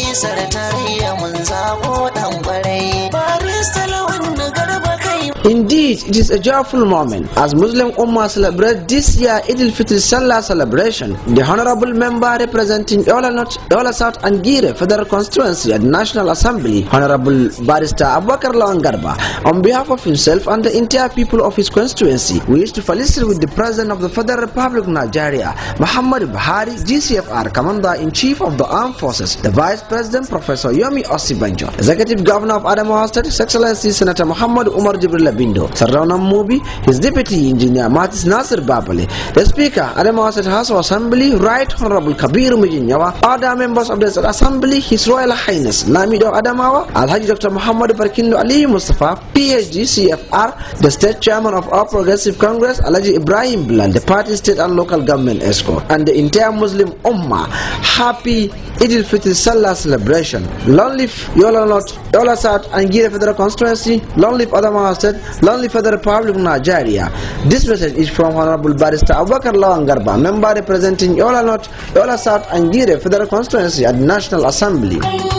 majalisar tarayya mun zako ɗan kwarai. Barista lawan na garba kai. it is a joyful moment as Muslim Ummah celebrate this year Eid al-Fitr Salah celebration. The Honorable Member representing Yola, North, South and Gire Federal Constituency at National Assembly, Honorable Barrister Abubakar Angarba, on behalf of himself and the entire people of his constituency, wish to felicitate with the President of the Federal Republic of Nigeria, Muhammad Buhari, GCFR Commander-in-Chief of the Armed Forces, the Vice President Professor Yomi Osibanjo, Executive Governor of Adamawa State, His Excellency Senator Muhammad Umar Jibril Labindo, Sarraunam Mubi, his deputy engineer Matis Nasir Babale, the speaker Adamasid House of Assembly, Right Honorable Kabir Mujinyawa, other members of the Assembly, His Royal Highness Lamido Adamawa, Alhaji Dr. Muhammad Barkindo Ali Mustafa, PhD, CFR, the state chairman of All Progressive Congress, Alhaji Ibrahim Bilan, the party state and local government escort, and the entire Muslim Ummah. Happy Eid al-Fitr Salah celebration. Long live Yola North, Yola South, and Gira Federal Constituency. Long live Adamawa State. Long live for the Republic of Nigeria. This message is from Honorable Barrister Abubakar Lawan Garba, member representing Yola North, Yola South and Gire Federal Constituency at the National Assembly.